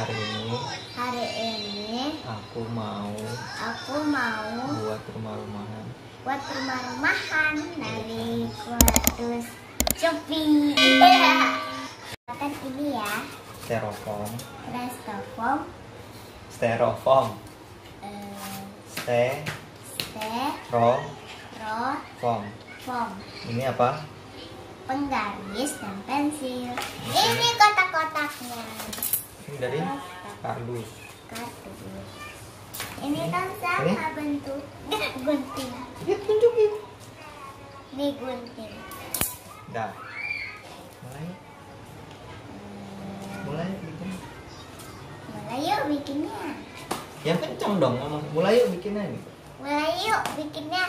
Hari ini Hari ini Aku mau Aku mau Buat rumah-rumahan Buat rumah-rumahan Dari kuatus cepi Kan ini ya Styrofoam Styrofoam Styrofoam uh, eh, Ste ro Styrofoam Foam Ini apa? Penggaris dan pensil Ini kotak-kotaknya dari kardus ini kan sama ini? bentuk gunting ya tunjukin gunting dah mulai mulai bikin mulai yuk bikinnya yang kencang dong ngomong mulai yuk bikinnya ini mulai yuk bikinnya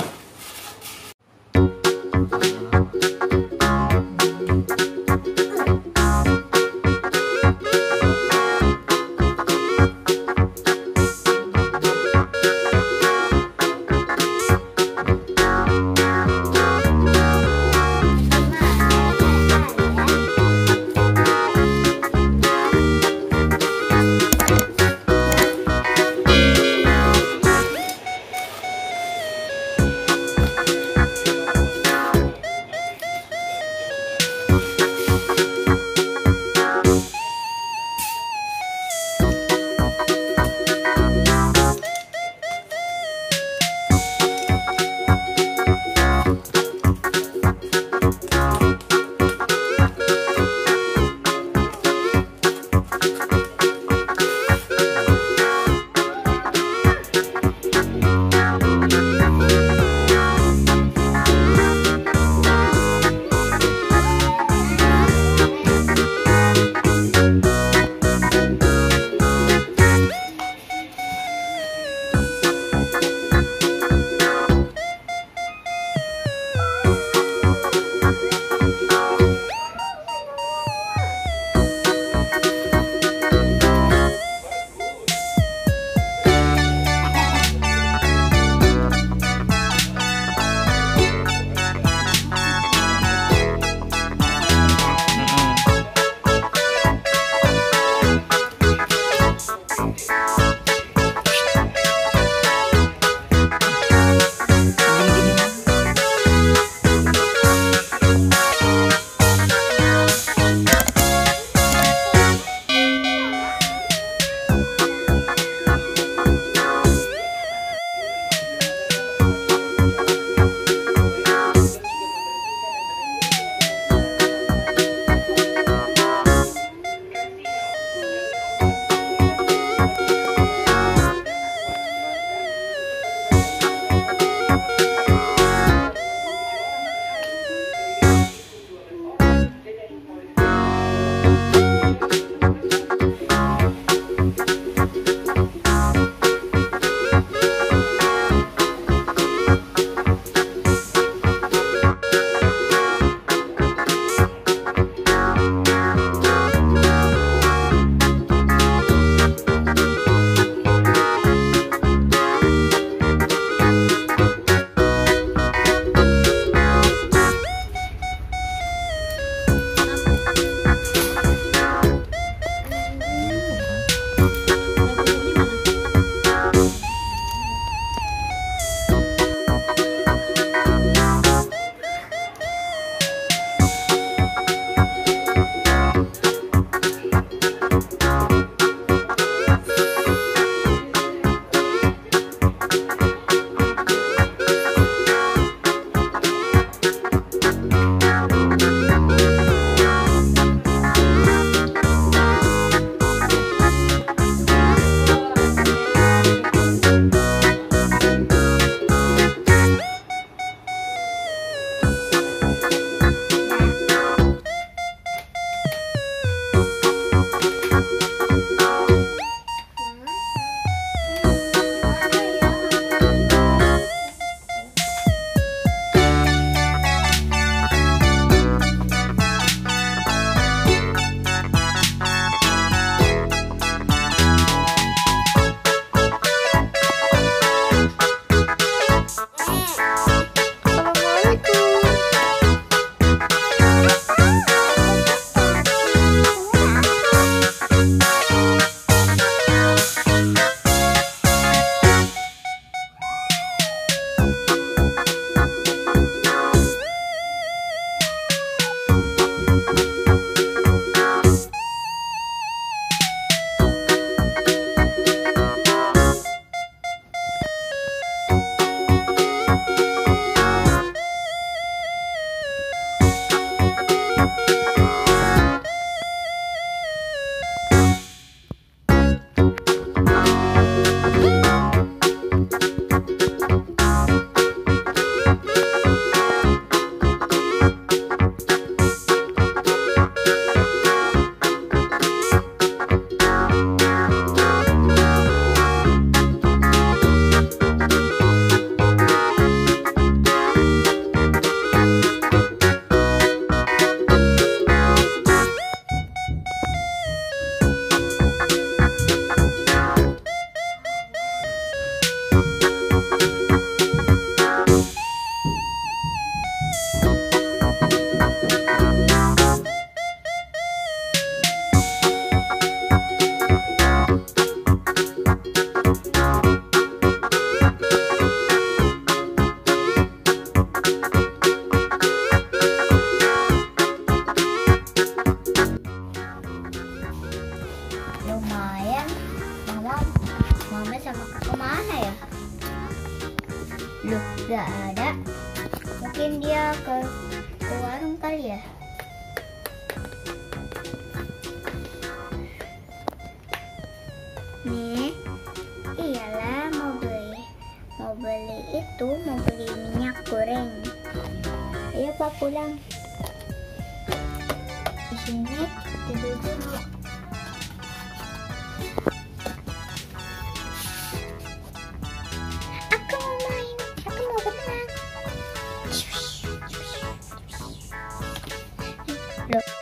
Thank you. Loh, gak ada mungkin dia ke, ke warung kali ya nih iyalah mau beli mau beli itu mau beli minyak goreng ayo pak pulang di sini tidur dulu Yeah.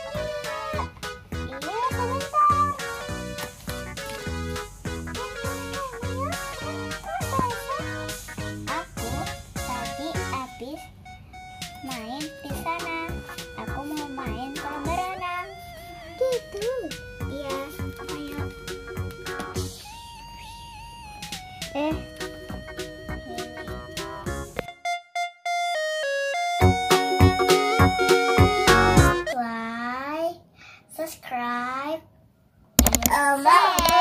Mama.